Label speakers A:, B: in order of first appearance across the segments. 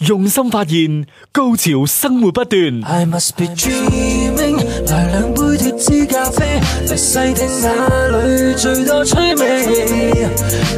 A: 用心發現，高潮生活不斷。I must be dreaming，來兩杯脫脂咖啡，嚟細聽哪裏最多趣味。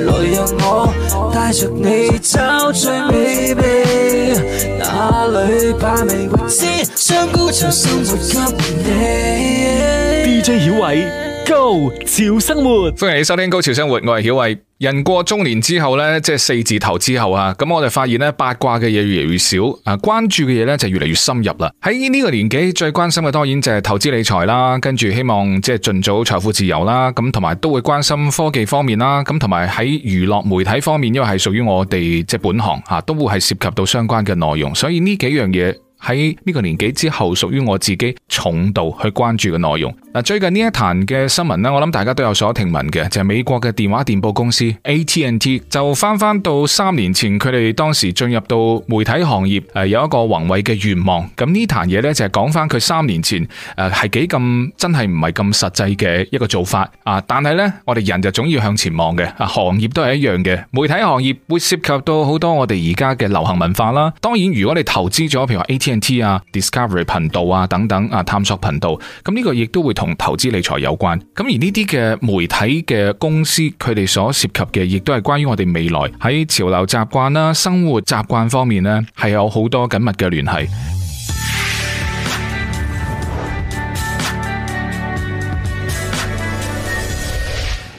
A: 來讓我帶着你找最美味，baby, 哪裏把味未知，將高潮生活給你。DJ 曉偉。高潮生活，歡迎你收聽《高潮生活》，我係曉偉。人過中年之後呢，即係四字頭之後啊，咁我哋發現呢，八卦嘅嘢越嚟越少啊，關注嘅嘢呢就越嚟越深入啦。喺呢個年紀最關心嘅當然就係投資理財啦，跟住希望即係盡早財富自由啦，咁同埋都會關心科技方面啦，咁同埋喺娛樂媒體方面，因為係屬於我哋即係本行啊，都會係涉及到相關嘅內容，所以呢幾樣嘢。喺呢個年紀之後，屬於我自己重度去關注嘅內容。嗱，最近呢一壇嘅新聞咧，我諗大家都有所聽聞嘅，就係、是、美國嘅電話電報公司 AT&T 就翻翻到三年前，佢哋當時進入到媒體行業，誒有一個宏偉嘅願望。咁呢壇嘢呢，就係講翻佢三年前誒係幾咁真係唔係咁實際嘅一個做法啊！但係呢，我哋人就總要向前望嘅，啊，行業都係一樣嘅，媒體行業會涉及到好多我哋而家嘅流行文化啦。當然，如果你投資咗，譬如話 AT。TNT 啊，Discovery 頻道啊，等等啊，探索頻道，咁、這、呢個亦都會同投資理財有關。咁而呢啲嘅媒體嘅公司，佢哋所涉及嘅，亦都係關於我哋未來喺潮流習慣啦、生活習慣方面呢，係有好多緊密嘅聯繫。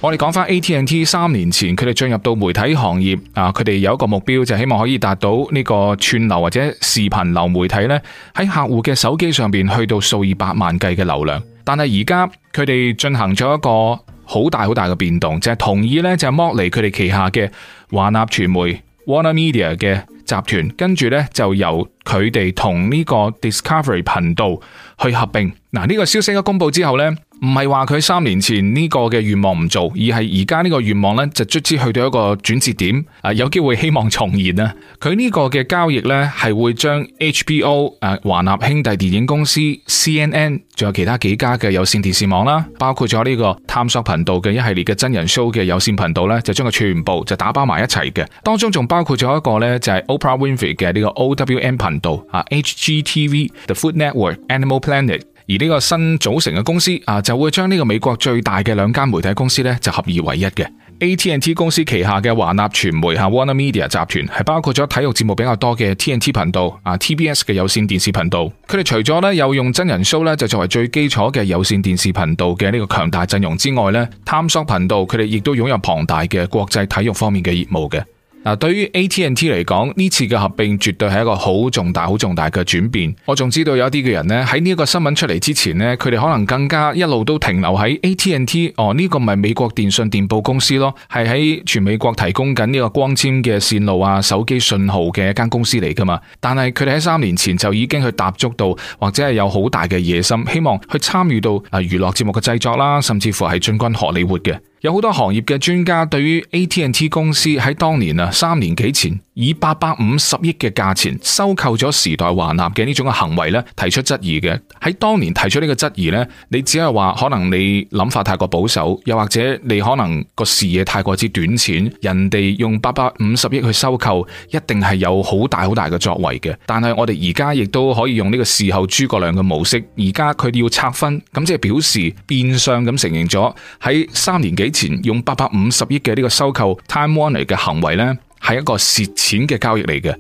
A: 我哋講返 AT&T 三年前，佢哋進入到媒體行業啊，佢哋有一個目標就係希望可以達到呢個串流或者視頻流媒體呢喺客戶嘅手機上邊去到數以百萬計嘅流量。但係而家佢哋進行咗一個好大好大嘅變動，就係同意呢，就剝離佢哋旗下嘅華納傳媒 Warner Media 嘅集團，跟住呢，就由佢哋同呢個 Discovery 頻道去合併。嗱，呢個消息一公布之後呢，唔係話佢三年前呢個嘅願望唔做，而係而家呢個願望呢，就卒之去到一個轉折點，啊，有機會希望重現啦。佢呢個嘅交易呢，係會將 HBO 誒華納兄弟電影公司 CNN 仲有其他幾家嘅有線電視網啦，包括咗呢個探索頻道嘅一系列嘅真人 show 嘅有線頻道呢，就將佢全部就打包埋一齊嘅。當中仲包括咗一個呢，就係 Oprah Winfrey 嘅呢個 OWN 頻道啊，HGTV The Food Network Animal Planet。而呢個新組成嘅公司啊，就會將呢個美國最大嘅兩間媒體公司咧，就合二為一嘅。AT&T 公司旗下嘅華納傳媒（係 Warner Media 集團）係包括咗體育節目比較多嘅 TNT 頻道啊、TBS 嘅有線電視頻道。佢哋除咗咧又用真人 show 咧就作為最基礎嘅有線電視頻道嘅呢個強大陣容之外咧，探索頻道佢哋亦都擁有龐大嘅國際體育方面嘅業務嘅。嗱，對於 AT&T 嚟講，呢次嘅合併絕對係一個好重大、好重大嘅轉變。我仲知道有一啲嘅人呢，喺呢一個新聞出嚟之前呢，佢哋可能更加一路都停留喺 AT&T。哦，呢個咪美國電信電報公司咯，係喺全美國提供緊呢個光纖嘅線路啊、手機信號嘅一間公司嚟噶嘛。但係佢哋喺三年前就已經去踏足到，或者係有好大嘅野心，希望去參與到啊娛樂節目嘅製作啦，甚至乎係進軍荷里活嘅。有好多行業嘅專家對於 AT&T 公司喺當年啊三年幾前以八百五十億嘅價錢收購咗時代華納嘅呢種嘅行為咧提出質疑嘅。喺當年提出呢個質疑咧，你只係話可能你諗法太過保守，又或者你可能個視野太過之短淺。人哋用八百五十億去收購，一定係有好大好大嘅作為嘅。但係我哋而家亦都可以用呢個事後諸葛亮嘅模式。而家佢哋要拆分，咁即係表示變相咁承認咗喺三年幾。以前用八百五十億嘅呢個收購 Time Warner 嘅行為呢，係一個蝕錢嘅交易嚟嘅。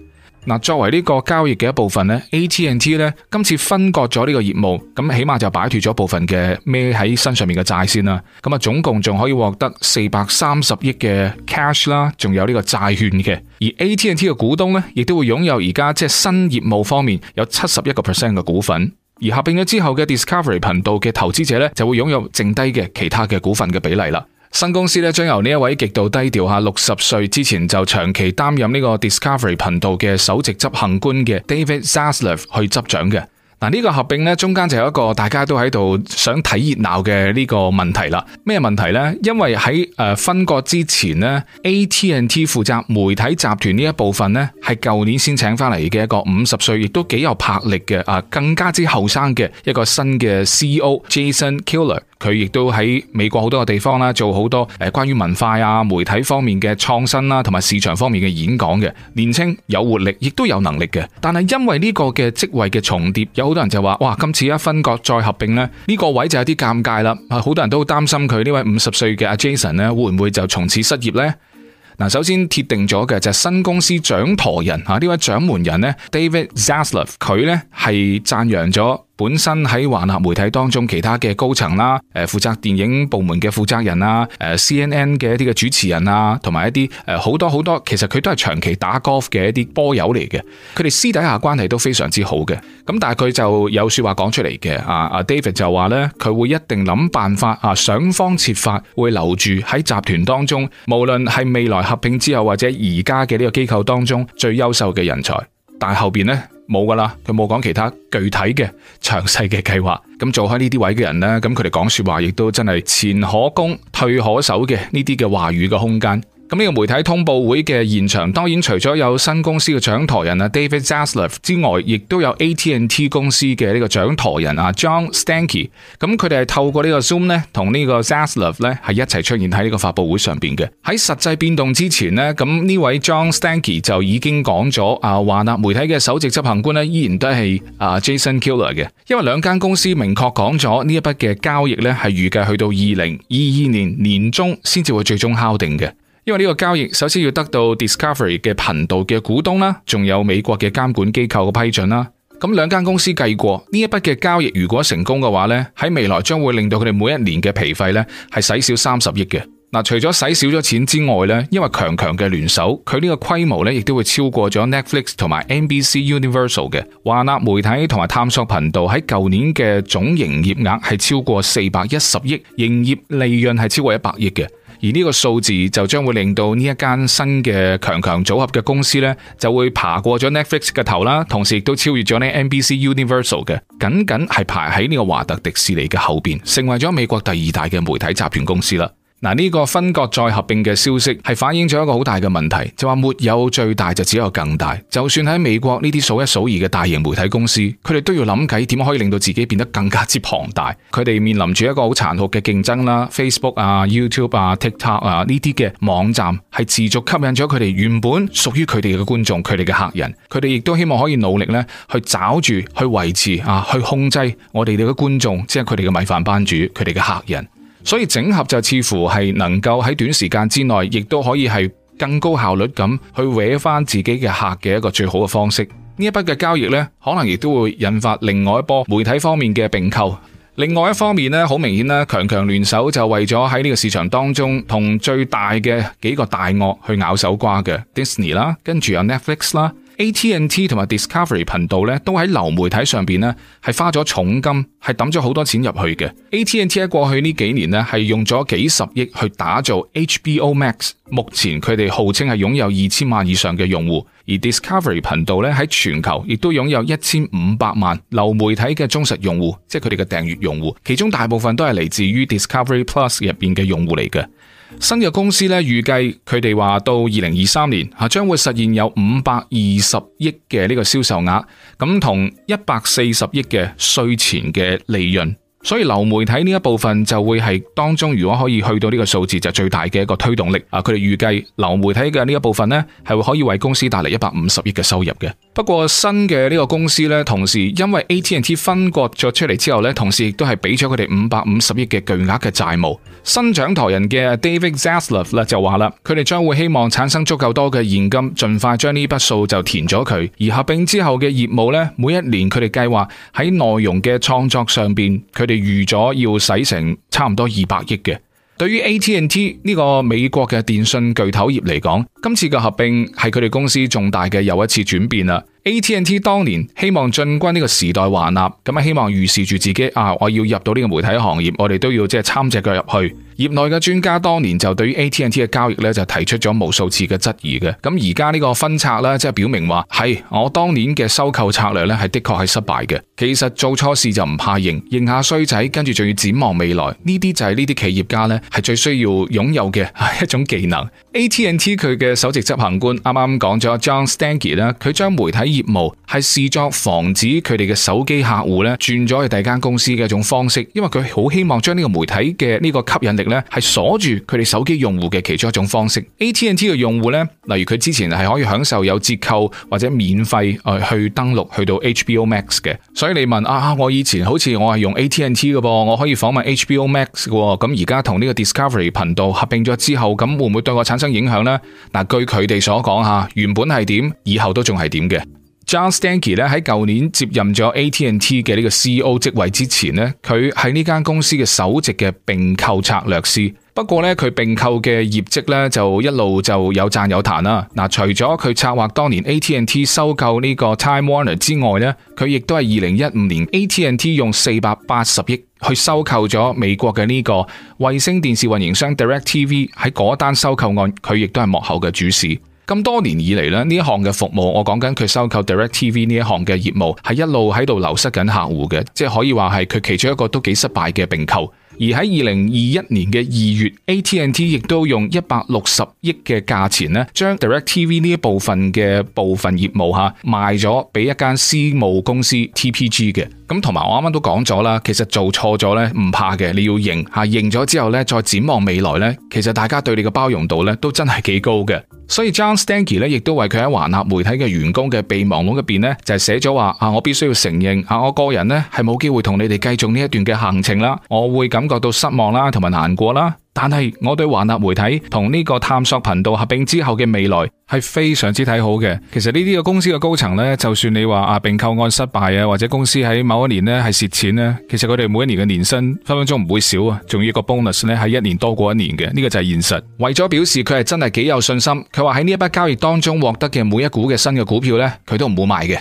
A: 嗱，作為呢個交易嘅一部分呢，AT&T 呢今次分割咗呢個業務，咁起碼就擺脫咗部分嘅孭喺身上面嘅債先啦。咁啊，總共仲可以獲得四百三十億嘅 cash 啦，仲有呢個債券嘅。而 AT&T 嘅股東呢，亦都會擁有而家即係新業務方面有七十一個 percent 嘅股份。而合併咗之後嘅 Discovery 頻道嘅投資者呢，就會擁有剩低嘅其他嘅股份嘅比例啦。新公司咧，將由呢位極度低調吓，六十歲之前就長期擔任呢個 Discovery 頻道嘅首席執行官嘅 David Zaslav 去執掌嘅。嗱，呢個合併咧，中間就有一個大家都喺度想睇熱鬧嘅呢個問題啦。咩問題咧？因為喺誒，分割之前咧，AT&T 負責媒體集團呢一部分咧，係舊年先請翻嚟嘅一個五十歲，亦都幾有魄力嘅啊，更加之後生嘅一個新嘅 CEO Jason Killer。佢亦都喺美國好多個地方啦，做好多誒關於文化啊、媒體方面嘅創新啦，同埋市場方面嘅演講嘅，年青有活力，亦都有能力嘅。但係因為呢個嘅職位嘅重疊有。好多人就話，哇！今次一分割再合併咧，呢個位就有啲尷尬啦。啊，好多人都擔心佢呢位五十歲嘅阿 Jason 咧，會唔會就從此失業呢？嗱，首先鐵定咗嘅就係新公司掌舵人吓，呢位掌門人 David Zaslav，佢呢係讚揚咗。本身喺環合媒體當中其他嘅高層啦，誒、呃、負責電影部門嘅負責人啦，誒、呃、C N N 嘅一啲嘅主持人啊，同埋一啲誒好多好多，其實佢都係長期打 golf 嘅一啲波友嚟嘅，佢哋私底下關係都非常之好嘅。咁但係佢就有話說話講出嚟嘅啊，阿 David 就話呢，佢會一定諗辦法啊，想方設法會留住喺集團當中，無論係未來合併之後或者而家嘅呢個機構當中最優秀嘅人才。但係後邊呢。冇㗎喇，佢冇講其他具體嘅詳細嘅計劃。咁做喺呢啲位嘅人呢，咁佢哋講說話亦都真係前可攻、退可守嘅呢啲嘅話語嘅空間。咁呢個媒體通報會嘅現場，當然除咗有新公司嘅掌舵人啊 David Zaslav 之外，亦都有 AT&T 公司嘅呢個掌舵人啊 John Stankey。咁佢哋係透過呢個 Zoom 咧，同呢個 Zaslav 咧係一齊出現喺呢個發佈會上邊嘅。喺實際變動之前咧，咁呢位 John Stankey 就已經講咗啊，話啦，媒體嘅首席執行官咧依然都係啊 Jason Kilar 嘅。因為兩間公司明確講咗呢一筆嘅交易咧係預計去到二零二二年年中先至會最終敲定嘅。因為呢個交易首先要得到 Discovery 嘅頻道嘅股東啦，仲有美國嘅監管機構嘅批准啦。咁兩間公司計過呢一筆嘅交易，如果成功嘅話呢，喺未來將會令到佢哋每一年嘅皮費呢係使少三十億嘅。嗱，除咗使少咗錢之外呢，因為強強嘅聯手，佢呢個規模呢亦都會超過咗 Netflix 同埋 NBC Universal 嘅華納媒體同埋探索頻道喺舊年嘅總營業額係超過四百一十億，營業利潤係超過一百億嘅。而呢個數字就將會令到呢一間新嘅強強組合嘅公司呢，就會爬過咗 Netflix 嘅頭啦，同時亦都超越咗呢 NBC Universal 嘅，僅僅係排喺呢個華特迪士尼嘅後邊，成為咗美國第二大嘅媒體集團公司啦。嗱，呢個分割再合併嘅消息係反映咗一個好大嘅問題，就話、是、沒有最大就只有更大。就算喺美國呢啲數一數二嘅大型媒體公司，佢哋都要諗計點可以令到自己變得更加之龐大。佢哋面臨住一個好殘酷嘅競爭啦，Facebook YouTube, TikTok, 啊、YouTube 啊、TikTok 啊呢啲嘅網站係持續吸引咗佢哋原本屬於佢哋嘅觀眾、佢哋嘅客人，佢哋亦都希望可以努力咧去抓住去維持啊，去控制我哋嘅觀眾，即係佢哋嘅米飯班主、佢哋嘅客人。所以整合就似乎係能夠喺短時間之內，亦都可以係更高效率咁去搵翻自己嘅客嘅一個最好嘅方式。呢一筆嘅交易呢，可能亦都會引發另外一波媒體方面嘅併購。另外一方面呢，好明顯咧，強強聯手就為咗喺呢個市場當中同最大嘅幾個大鱷去咬手瓜嘅 Disney 啦，跟住有 Netflix 啦。AT&T 同埋 Discovery 頻道咧，都喺流媒體上邊咧，係花咗重金，係抌咗好多錢入去嘅。AT&T 喺過去呢幾年咧，係用咗幾十億去打造 HBO Max。目前佢哋號稱係擁有二千萬以上嘅用戶，而 Discovery 頻道咧喺全球亦都擁有一千五百萬流媒體嘅忠實用戶，即係佢哋嘅訂閱用戶，其中大部分都係嚟自於 Discovery Plus 入邊嘅用戶嚟嘅。新嘅公司咧，預計佢哋話到二零二三年，吓將會實現有五百二十億嘅呢個銷售額，咁同一百四十億嘅稅前嘅利潤。所以流媒體呢一部分就會係當中，如果可以去到呢個數字就最大嘅一個推動力啊！佢哋預計流媒體嘅呢一部分呢係可以為公司帶嚟一百五十億嘅收入嘅。不過新嘅呢個公司呢，同時因為 AT&T 分割咗出嚟之後呢，同時亦都係俾咗佢哋五百五十億嘅巨額嘅債務。新掌舵人嘅 David Zaslav 咧就話啦，佢哋將會希望產生足夠多嘅現金，盡快將呢筆數就填咗佢。而合併之後嘅業務呢，每一年佢哋計劃喺內容嘅創作上邊佢。我哋預咗要使成差唔多二百億嘅。對於 AT&T 呢個美國嘅電信巨頭業嚟講，今次嘅合併係佢哋公司重大嘅又一次轉變啦 AT。AT&T 當年希望進軍呢個時代華納，咁啊希望預示住自己啊，我要入到呢個媒體行業，我哋都要即係參隻腳入去。業內嘅專家當年就對於 AT&T 嘅交易咧就提出咗無數次嘅質疑嘅，咁而家呢個分拆咧即係表明話係我當年嘅收購策略咧係的確係失敗嘅。其實做錯事就唔怕認，認下衰仔，跟住仲要展望未來，呢啲就係呢啲企業家咧係最需要擁有嘅一種技能。AT&T 佢嘅首席執行官啱啱講咗 John Stankey 啦，佢將媒體業務係視作防止佢哋嘅手機客戶咧轉咗去第二間公司嘅一種方式，因為佢好希望將呢個媒體嘅呢個吸引力。咧係鎖住佢哋手機用戶嘅其中一種方式。AT&T 嘅用戶咧，例如佢之前係可以享受有折扣或者免費去登錄去到 HBO Max 嘅，所以你問啊，我以前好似我係用 AT&T 嘅噃，我可以訪問 HBO Max 嘅，咁而家同呢個 Discovery 頻道合併咗之後，咁會唔會對我產生影響呢？嗱，據佢哋所講吓，原本係點，以後都仲係點嘅。John Stankey 咧喺舊年接任咗 AT&T 嘅呢個 CEO 職位之前咧，佢喺呢間公司嘅首席嘅並購策略師。不過咧，佢並購嘅業績咧就一路就有讚有彈啦。嗱，除咗佢策劃當年 AT&T 收購呢個 Time Warner 之外咧，佢亦都係二零一五年 AT&T 用四百八十億去收購咗美國嘅呢個衛星電視運營商 Direct TV 喺嗰單收購案，佢亦都係幕後嘅主使。咁多年以嚟呢，呢一行嘅服務，我講緊佢收購 Direct TV 呢一行嘅業務，係一路喺度流失緊客戶嘅，即係可以話係佢其中一個都幾失敗嘅併購。而喺二零二一年嘅二月，AT&T 亦都用一百六十億嘅價錢呢，將 Direct TV 呢一部分嘅部分業務嚇賣咗俾一間私募公司 TPG 嘅。TP 咁同埋我啱啱都講咗啦，其實做錯咗咧唔怕嘅，你要認吓，認咗之後咧再展望未來咧，其實大家對你嘅包容度咧都真係幾高嘅。所以 John Stankey 咧，亦都為佢喺華納媒體嘅員工嘅備忘錄入邊咧，就寫咗話啊，我必須要承認啊，我個人咧係冇機會同你哋繼續呢一段嘅行程啦，我會感覺到失望啦，同埋難過啦。但係我對華納媒體同呢個探索頻道合併之後嘅未來係非常之睇好嘅。其實呢啲嘅公司嘅高層咧，就算你話啊併購案失敗啊，或者公司喺某一年呢係蝕錢咧，其實佢哋每一年嘅年薪分分鐘唔會少啊，仲要個 bonus 呢係一年多過一年嘅。呢個就係現實。為咗表示佢係真係幾有信心，佢話喺呢一筆交易當中獲得嘅每一股嘅新嘅股票呢，佢都唔會賣嘅。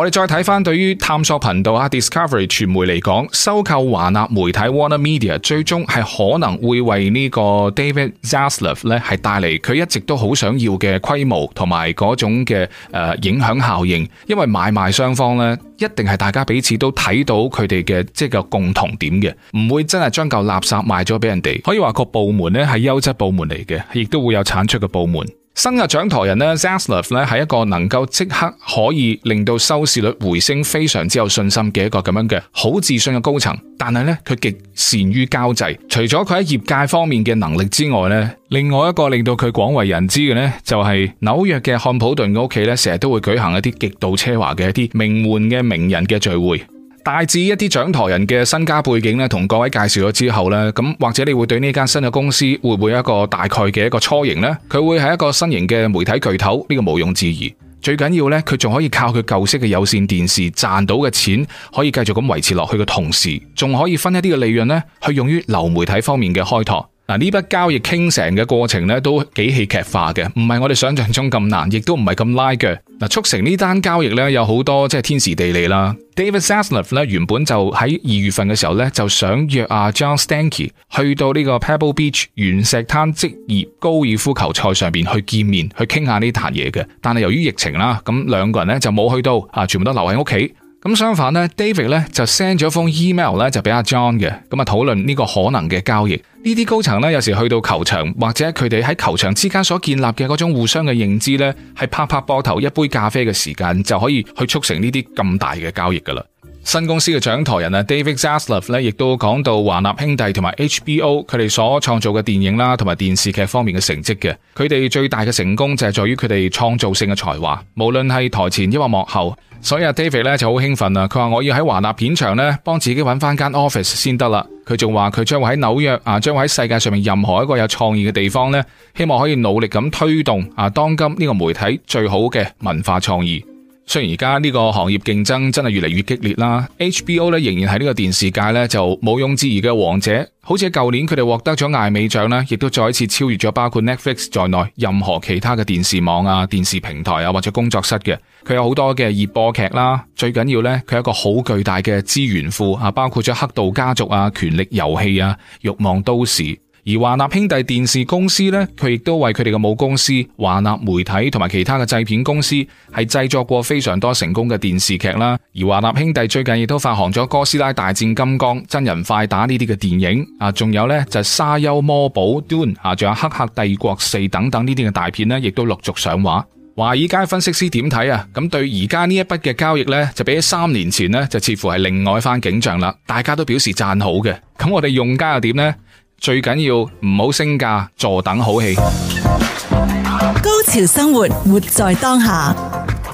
A: 我哋再睇翻對於探索頻道啊，Discovery 傳媒嚟講，收購華納媒體 Warner Media 最終係可能會為呢個 David Zaslav 咧係帶嚟佢一直都好想要嘅規模同埋嗰種嘅誒、呃、影響效應。因為買賣雙方咧一定係大家彼此都睇到佢哋嘅即係個共同點嘅，唔會真係將嚿垃圾賣咗俾人哋。可以話個部門咧係優質部門嚟嘅，亦都會有產出嘅部門。新嘅掌舵人咧 Zaslav 咧係一個能夠即刻可以令到收視率回升非常之有信心嘅一個咁樣嘅好自信嘅高層。但係呢，佢極善於交際。除咗佢喺業界方面嘅能力之外呢，另外一個令到佢廣為人知嘅呢，就係紐約嘅漢普頓嘅屋企呢，成日都會舉行一啲極度奢華嘅一啲名媛嘅名人嘅聚會。大致一啲掌舵人嘅身家背景呢，同各位介紹咗之後呢，咁或者你會對呢間新嘅公司會唔會有一個大概嘅一個雛形呢？佢會係一個新型嘅媒體巨頭，呢個毋庸置疑。最緊要呢，佢仲可以靠佢舊式嘅有線電視賺到嘅錢，可以繼續咁維持落去嘅同時，仲可以分一啲嘅利潤呢，去用於流媒體方面嘅開拓。嗱，呢筆交易傾成嘅過程咧都幾戲劇化嘅，唔係我哋想象中咁難，亦都唔係咁拉鋸嗱。促成呢單交易咧有好多即係天時地利啦。David Zaslav 咧原本就喺二月份嘅時候咧就想約阿 John Stankey 去到呢個 Pebble Beach 原石灘職業高爾夫球賽上邊去見面去傾下呢壇嘢嘅，但係由於疫情啦，咁兩個人咧就冇去到啊，全部都留喺屋企。咁相反咧，David 咧就 send 咗一封 email 咧就俾阿 John 嘅，咁啊討論呢個可能嘅交易。呢啲高層咧有時去到球場或者佢哋喺球場之間所建立嘅嗰種互相嘅認知咧，係拍拍膊頭一杯咖啡嘅時間就可以去促成呢啲咁大嘅交易噶啦。新公司嘅掌舵人啊，David Zaslav 咧亦都講到華納兄弟同埋 HBO 佢哋所創造嘅電影啦同埋電視劇方面嘅成績嘅，佢哋最大嘅成功就係在於佢哋創造性嘅才華，無論係台前抑或幕後。所以阿 David 咧就好興奮啊，佢話我要喺華納片場咧幫自己揾翻間 office 先得啦。佢仲話佢將會喺紐約啊，將會喺世界上面任何一個有創意嘅地方咧，希望可以努力咁推動啊，當今呢個媒體最好嘅文化創意。雖然而家呢個行業競爭真係越嚟越激烈啦，HBO 咧仍然喺呢個電視界咧就毋庸置疑嘅王者。好似喺舊年佢哋獲得咗艾美獎咧，亦都再一次超越咗包括 Netflix 在內任何其他嘅電視網啊、電視平台啊或者工作室嘅。佢有好多嘅熱播劇啦、啊，最緊要咧佢係一個好巨大嘅資源庫啊，包括咗《黑道家族》啊、《權力遊戲》啊、《欲望都市》。而華納兄弟電視公司呢，佢亦都為佢哋嘅母公司華納媒體同埋其他嘅製片公司係製作過非常多成功嘅電視劇啦。而華納兄弟最近亦都發行咗《哥斯拉大戰金剛》、《真人快打》呢啲嘅電影啊，仲有呢就《沙丘魔堡》、《Dune》啊，仲有《黑客帝國四》等等呢啲嘅大片呢，亦都陸續上畫。華爾街分析師點睇啊？咁對而家呢一筆嘅交易呢，就比起三年前呢，就似乎係另外一番景象啦。大家都表示讚好嘅。咁我哋用家又點呢？最緊要唔好升價，坐等好戲。高潮生活，活在當下。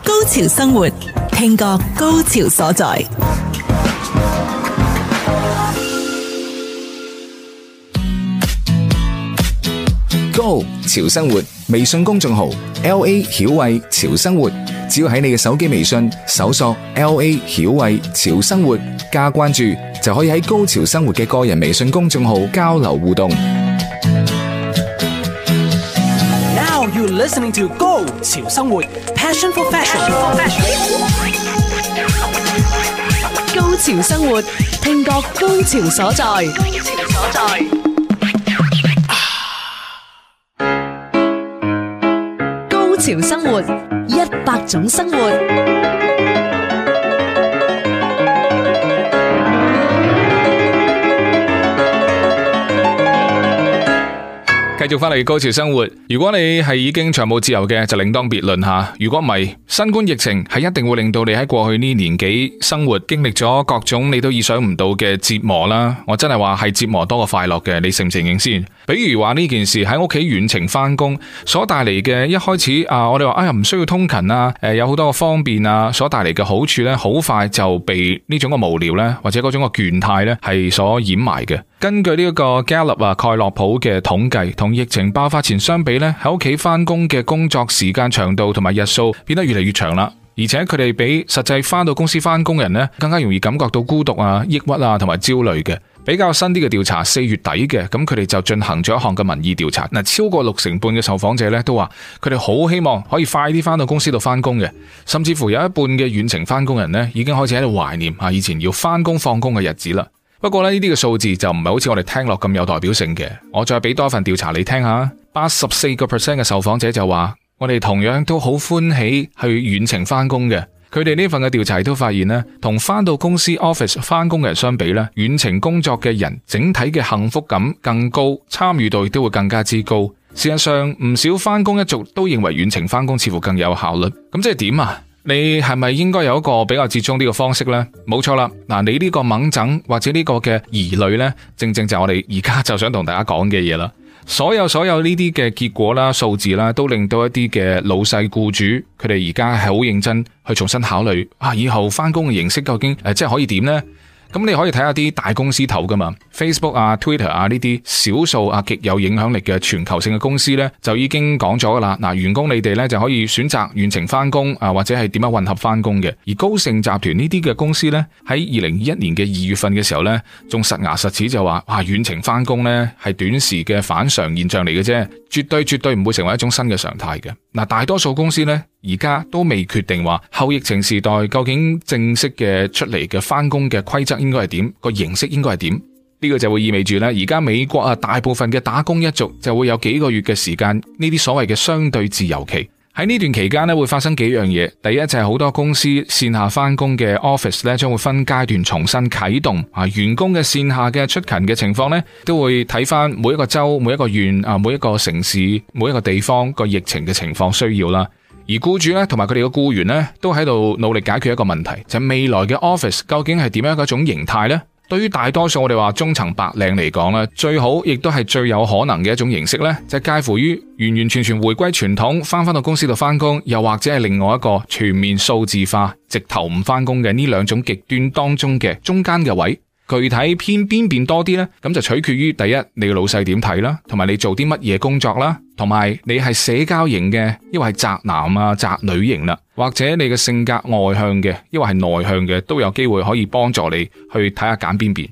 A: 高潮生活，聽過高潮所在。高潮生活微信公眾號 L A 曉慧潮生活，只要喺你嘅手機微信搜索 L A 曉慧潮生活加關注。就可以喺高潮生活嘅個人微信公眾號交流互動。Now you're listening to 高潮生活，Passion for Fashion。高潮生活，聽覺高潮所在。高潮所在。高潮生活，一百種生活。繼續返嚟高潮生活。如果你係已經長冇自由嘅，就另當別論吓。如果唔係，新冠疫情係一定會令到你喺過去呢年幾生活經歷咗各種你都意想唔到嘅折磨啦。我真係話係折磨多過快樂嘅。你承唔承認先？比如話呢件事喺屋企遠程翻工所帶嚟嘅，一開始啊，我哋話哎呀，唔需要通勤啦，誒，有好多個方便啊，所帶嚟嘅好處呢，好快就被呢種嘅無聊呢，或者嗰種嘅倦怠呢，係所掩埋嘅。根據呢一個 g a l l 啊、蓋洛普嘅統計，同疫情爆發前相比咧，喺屋企翻工嘅工作時間長度同埋日數變得越嚟越長啦。而且佢哋比實際翻到公司翻工人呢，更加容易感覺到孤獨啊、抑鬱啊同埋焦慮嘅。比較新啲嘅調查，四月底嘅，咁佢哋就進行咗一項嘅民意調查。嗱，超過六成半嘅受訪者呢，都話，佢哋好希望可以快啲翻到公司度翻工嘅。甚至乎有一半嘅遠程翻工人呢，已經開始喺度懷念啊以前要翻工放工嘅日子啦。不過呢啲嘅數字就唔係好似我哋聽落咁有代表性嘅。我再俾多一份調查你聽下，八十四個 percent 嘅受訪者就話，我哋同樣都好歡喜去遠程翻工嘅。佢哋呢份嘅調查亦都發現呢，同翻到公司 office 翻工嘅人相比呢，遠程工作嘅人整體嘅幸福感更高，參與度亦都會更加之高。事實上，唔少翻工一族都認為遠程翻工似乎更有效率。咁即係點啊？你係咪應該有一個比較折衷，呢個方式呢？冇錯啦，嗱，你呢個猛整或者呢個嘅疑慮呢，正正就係我哋而家就想同大家講嘅嘢啦。所有所有呢啲嘅結果啦、數字啦，都令到一啲嘅老細、僱主，佢哋而家係好認真去重新考慮啊，以後返工嘅形式究竟即係可以點呢？」咁你可以睇下啲大公司頭噶嘛，Facebook 啊、Twitter 啊呢啲少數啊極有影響力嘅全球性嘅公司呢，就已經講咗噶啦。嗱、呃，員工你哋呢，就可以選擇遠程翻工啊，或者係點樣混合翻工嘅。而高盛集團呢啲嘅公司呢，喺二零二一年嘅二月份嘅時候呢，仲實牙實齒就話，哇，遠程翻工呢，係短時嘅反常現象嚟嘅啫，絕對絕對唔會成為一種新嘅常態嘅。嗱、呃，大多數公司呢。而家都未決定話，後疫情時代究竟正式嘅出嚟嘅翻工嘅規則應該係點個形式應該係點，呢個就會意味住呢，而家美國啊大部分嘅打工一族就會有幾個月嘅時間呢啲所謂嘅相對自由期。喺呢段期間呢，會發生幾樣嘢，第一就係好多公司線下翻工嘅 office 呢，將會分階段重新啟動啊，員工嘅線下嘅出勤嘅情況呢，都會睇翻每一個州、每一個縣啊、每一個城市、每一個地方個疫情嘅情況需要啦。而雇主咧，同埋佢哋嘅雇員咧，都喺度努力解決一個問題，就係、是、未來嘅 office 究竟係點樣的一種形態呢？對於大多數我哋話中層白領嚟講咧，最好亦都係最有可能嘅一種形式咧，即、就是、介乎於完完全全回歸傳統，返返到公司度返工，又或者係另外一個全面數字化，直頭唔返工嘅呢兩種極端當中嘅中間嘅位置。具體偏邊邊多啲咧，咁就取決於第一，你個老細點睇啦，同埋你做啲乜嘢工作啦，同埋你係社交型嘅，抑或係宅男啊宅女型啦，或者你嘅性格外向嘅，抑或係內向嘅，都有機會可以幫助你去睇下揀邊邊。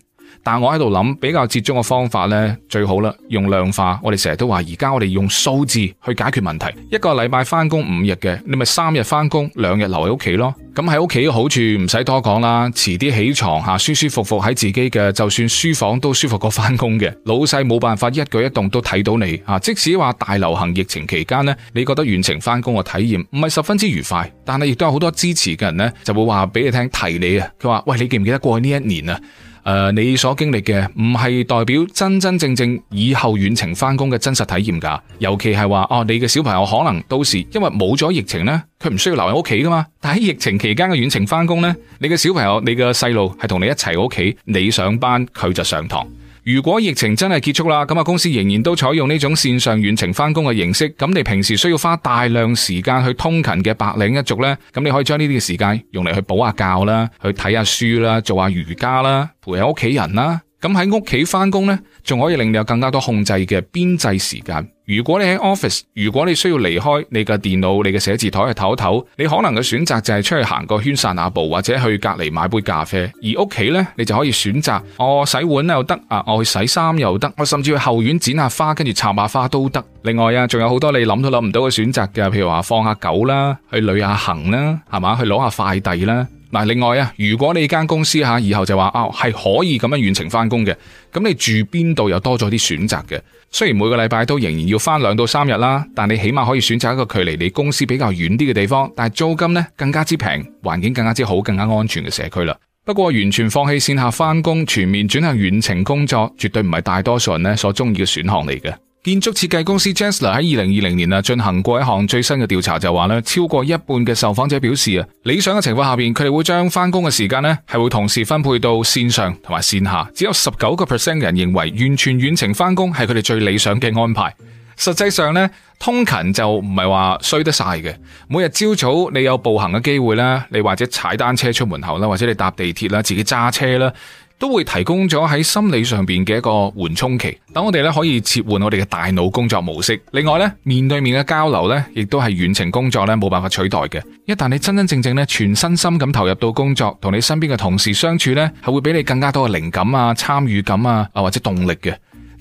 A: 但我喺度諗，比較折中嘅方法呢，最好啦，用量化。我哋成日都話，而家我哋用數字去解決問題。一個禮拜翻工五日嘅，你咪三日翻工，兩日留喺屋企咯。咁喺屋企嘅好處唔使多講啦，遲啲起床吓，舒舒服服喺自己嘅，就算書房都舒服過翻工嘅。老細冇辦法一舉一動都睇到你啊！即使話大流行疫情期間呢，你覺得遠程翻工嘅體驗唔係十分之愉快，但係亦都有好多支持嘅人呢就會話俾你聽，提你啊。佢話：喂，你記唔記得過去呢一年啊？誒、呃，你所經歷嘅唔係代表真真正正以後遠程返工嘅真實體驗噶，尤其係話哦，你嘅小朋友可能到時因為冇咗疫情咧，佢唔需要留喺屋企噶嘛，但喺疫情期間嘅遠程返工咧，你嘅小朋友、你嘅細路係同你一齊喺屋企，你上班，佢就上堂。如果疫情真係結束啦，咁啊公司仍然都採用呢種線上遠程翻工嘅形式，咁你平時需要花大量時間去通勤嘅白領一族咧，咁你可以將呢啲嘅時間用嚟去補下覺啦，去睇下書啦，做下瑜伽啦，陪下屋企人啦。咁喺屋企翻工呢，仲可以令你有更加多控制嘅邊際時間。如果你喺 office，如果你需要離開你嘅電腦、你嘅寫字台去唞唞，你可能嘅選擇就係出去行個圈散下步，或者去隔籬買杯咖啡。而屋企呢，你就可以選擇我洗碗又得，啊，我去洗衫又得，我甚至去後院剪下花，跟住插下花都得。另外啊，仲有好多你諗都諗唔到嘅選擇嘅，譬如話放下狗啦，去旅下行啦，係嘛，去攞下快遞啦。嗱，另外啊，如果你間公司吓以後就話啊係可以咁樣遠程翻工嘅，咁你住邊度又多咗啲選擇嘅。雖然每個禮拜都仍然要翻兩到三日啦，但你起碼可以選擇一個距離你公司比較遠啲嘅地方，但係租金咧更加之平，環境更加之好，更加安全嘅社區啦。不過完全放棄線下翻工，全面轉向遠程工作，絕對唔係大多數人咧所中意嘅選項嚟嘅。建築設計公司 Gensler 喺二零二零年啊，進行過一項最新嘅調查，就話咧，超過一半嘅受訪者表示啊，理想嘅情況下邊，佢哋會將翻工嘅時間咧，係會同時分配到綫上同埋綫下。只有十九個 percent 人認為完全遠程翻工係佢哋最理想嘅安排。實際上咧，通勤就唔係話衰得晒嘅。每日朝早你有步行嘅機會啦，你或者踩單車出門口啦，或者你搭地鐵啦，自己揸車啦。都會提供咗喺心理上邊嘅一個緩衝期，等我哋可以切換我哋嘅大腦工作模式。另外咧，面對面嘅交流咧，亦都係遠程工作咧冇辦法取代嘅。一旦你真真正正咧全身心咁投入到工作，同你身邊嘅同事相處咧，係會俾你更加多嘅靈感啊、參與感啊，啊或者動力嘅。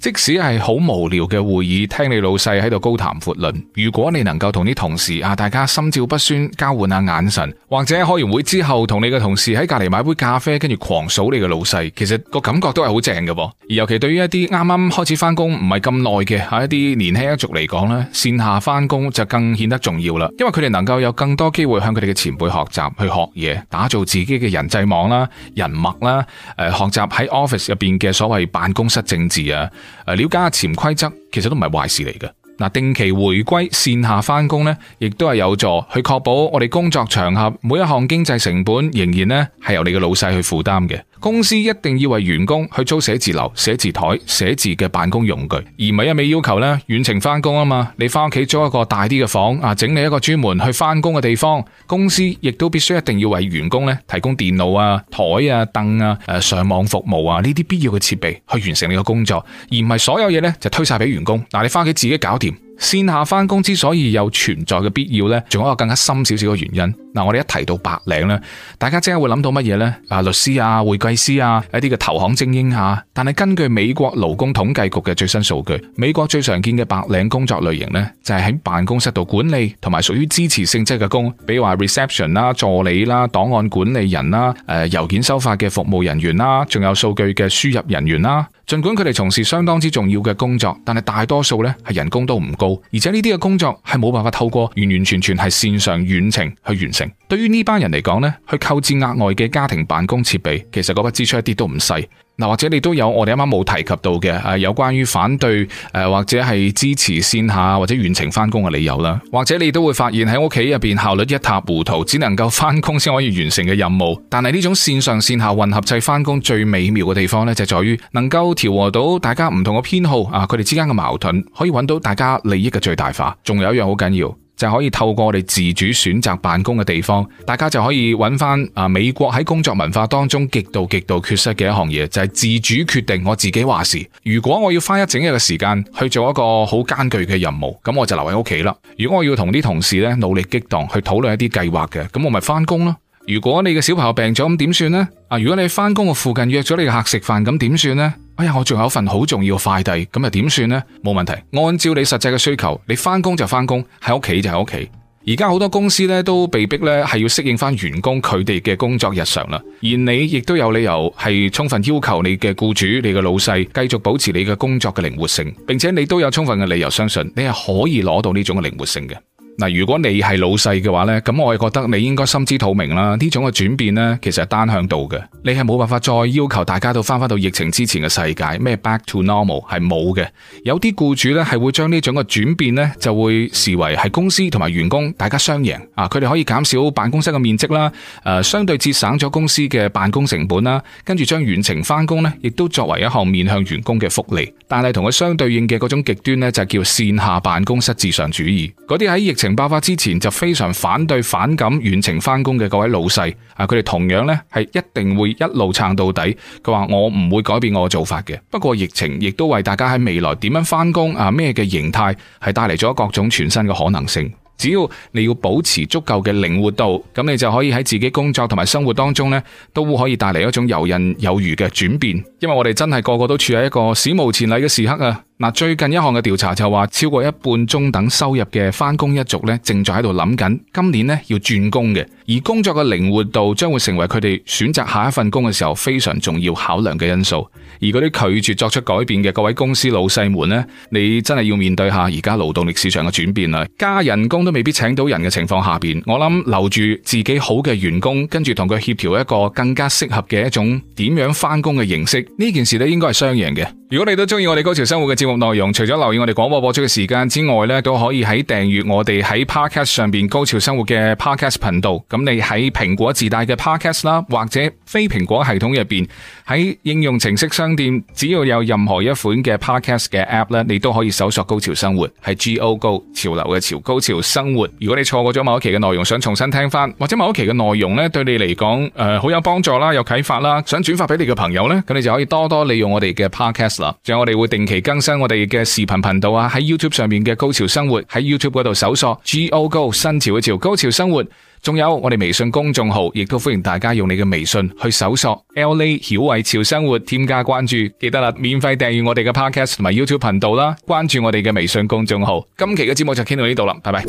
A: 即使係好無聊嘅會議，聽你老細喺度高談闊論，如果你能夠同啲同事啊，大家心照不宣，交換下眼神，或者開完會之後，同你嘅同事喺隔籬買杯咖啡，跟住狂數你嘅老細，其實個感覺都係好正嘅。而尤其對於一啲啱啱開始返工唔係咁耐嘅，係一啲年輕一族嚟講咧，線下返工就更顯得重要啦。因為佢哋能夠有更多機會向佢哋嘅前輩學習，去學嘢，打造自己嘅人際網啦、人脈啦，誒，學習喺 office 入邊嘅所謂辦公室政治啊。誒，了解下潛規則，其實都唔係壞事嚟嘅。嗱，定期回歸線下返工咧，亦都係有助去確保我哋工作場合每一項經濟成本仍然咧係由你嘅老細去負擔嘅。公司一定要為員工去租寫字樓、寫字台、寫字嘅辦公用具，而唔係一味要求咧遠程翻工啊嘛。你翻屋企租一個大啲嘅房啊，整理一個專門去翻工嘅地方。公司亦都必須一定要為員工咧提供電腦啊、台啊、凳啊、誒上網服務啊呢啲必要嘅設備去完成你嘅工作，而唔係所有嘢咧就推晒俾員工。嗱，你翻屋企自己搞掂。線下翻工之所以有存在嘅必要呢，仲有一個更加深少少嘅原因。嗱，我哋一提到白領呢，大家即刻會諗到乜嘢呢？啊，律師啊，會計師啊，一啲嘅投行精英啊。但係根據美國勞工統計局嘅最新數據，美國最常見嘅白領工作類型呢，就係喺辦公室度管理同埋屬於支持性質嘅工，比如話 reception 啦、助理啦、檔案管理人啦、誒郵件收發嘅服務人員啦，仲有數據嘅輸入人員啦。盡管佢哋從事相當之重要嘅工作，但係大多數咧係人工都唔高，而且呢啲嘅工作係冇辦法透過完完全全係線上遠程去完成。對於呢班人嚟講咧，去購置額外嘅家庭辦公設備，其實嗰筆支出一啲都唔細。嗱，或者你都有我哋啱啱冇提及到嘅，誒，有關於反對誒、呃、或者係支持綫下或者遠程翻工嘅理由啦。或者你都會發現喺屋企入邊效率一塌糊塗，只能夠翻工先可以完成嘅任務。但係呢種綫上綫下混合制翻工最美妙嘅地方咧，就在於能夠調和到大家唔同嘅偏好啊，佢哋之間嘅矛盾可以揾到大家利益嘅最大化。仲有一樣好緊要。就可以透過我哋自主選擇辦公嘅地方，大家就可以揾翻啊。美國喺工作文化當中極度極度缺失嘅一項嘢就係自主決定，我自己話事。如果我要花一整日嘅時間去做一個好艱巨嘅任務，咁我就留喺屋企啦。如果我要同啲同事咧努力激動去討論一啲計劃嘅，咁我咪翻工咯。如果你嘅小朋友病咗，咁點算呢？啊，如果你翻工嘅附近約咗你嘅客食飯，咁點算呢？哎呀，我仲有一份好重要嘅快遞，咁又點算呢？冇問題，按照你實際嘅需求，你翻工就翻工，喺屋企就喺屋企。而家好多公司咧都被逼咧係要適應翻員工佢哋嘅工作日常啦，而你亦都有理由係充分要求你嘅僱主、你嘅老細繼續保持你嘅工作嘅靈活性，並且你都有充分嘅理由相信你係可以攞到呢種嘅靈活性嘅。嗱，如果你係老細嘅話呢，咁我係覺得你應該心知肚明啦。呢種嘅轉變呢，其實係單向度嘅，你係冇辦法再要求大家都翻返到疫情之前嘅世界咩？Back to normal 係冇嘅。有啲僱主呢，係會將呢種嘅轉變呢，就會視為係公司同埋員工大家雙贏啊！佢哋可以減少辦公室嘅面積啦，誒、呃，相對節省咗公司嘅辦公成本啦，跟住將遠程翻工呢，亦都作為一項面向員工嘅福利。但係同佢相對應嘅嗰種極端呢，就叫線下辦公室至上主義。嗰啲喺疫情疫情爆發之前就非常反對、反感遠程翻工嘅各位老細，啊，佢哋同樣呢，係一定會一路撐到底。佢話我唔會改變我嘅做法嘅。不過疫情亦都為大家喺未來點樣翻工啊咩嘅形態係帶嚟咗各種全新嘅可能性。只要你要保持足夠嘅靈活度，咁你就可以喺自己工作同埋生活當中呢，都可以帶嚟一種游刃有餘嘅轉變。因為我哋真係個個都處喺一個史無前例嘅時刻啊！嗱，最近一項嘅調查就話，超過一半中等收入嘅返工一族咧，正在喺度諗緊今年咧要轉工嘅，而工作嘅靈活度將會成為佢哋選擇下一份工嘅時候非常重要考量嘅因素。而嗰啲拒絕作出改變嘅各位公司老細們咧，你真係要面對下而家勞動力市場嘅轉變啦！加人工都未必請到人嘅情況下邊，我諗留住自己好嘅員工，跟住同佢協調一個更加適合嘅一種點樣返工嘅形式，呢件事咧應該係雙贏嘅。如果你都中意我哋《高潮生活》嘅節目內容，除咗留意我哋廣播播出嘅時間之外咧，都可以喺訂閱我哋喺 Podcast 上邊《高潮生活》嘅 Podcast 頻道。咁你喺蘋果自帶嘅 Podcast 啦，或者非蘋果系統入邊喺應用程式商店，只要有任何一款嘅 Podcast 嘅 App 咧，你都可以搜索《高潮生活》，係 G O Go 潮流嘅潮高潮生活。如果你錯過咗某一期嘅內容，想重新聽翻，或者某一期嘅內容咧對你嚟講誒好有幫助啦，有啟發啦，想轉發俾你嘅朋友呢，咁你就可以多多利用我哋嘅 Podcast。仲有我哋會定期更新我哋嘅視頻頻道啊，喺 YouTube 上面嘅高潮生活，喺 YouTube 嗰度搜索 GoGo 新潮一潮高潮生活，仲有我哋微信公眾號，亦都歡迎大家用你嘅微信去搜索 L A 曉偉潮生活，添加關注。記得啦，免費訂閱我哋嘅 Podcast 同埋 YouTube 頻道啦，關注我哋嘅微信公眾號。今期嘅節目就傾到呢度啦，拜拜。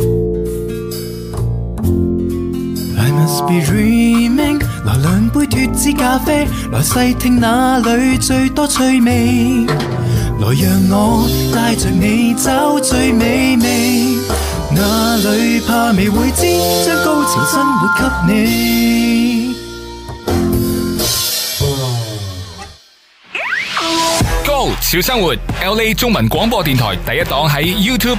A: 來兩杯脫脂咖啡，來細聽那裏最多趣味。來讓我帶着你找最美味，哪裏怕未會知將高潮生活給你。Go 潮生活，LA 中文廣播電台第一檔喺 YouTube。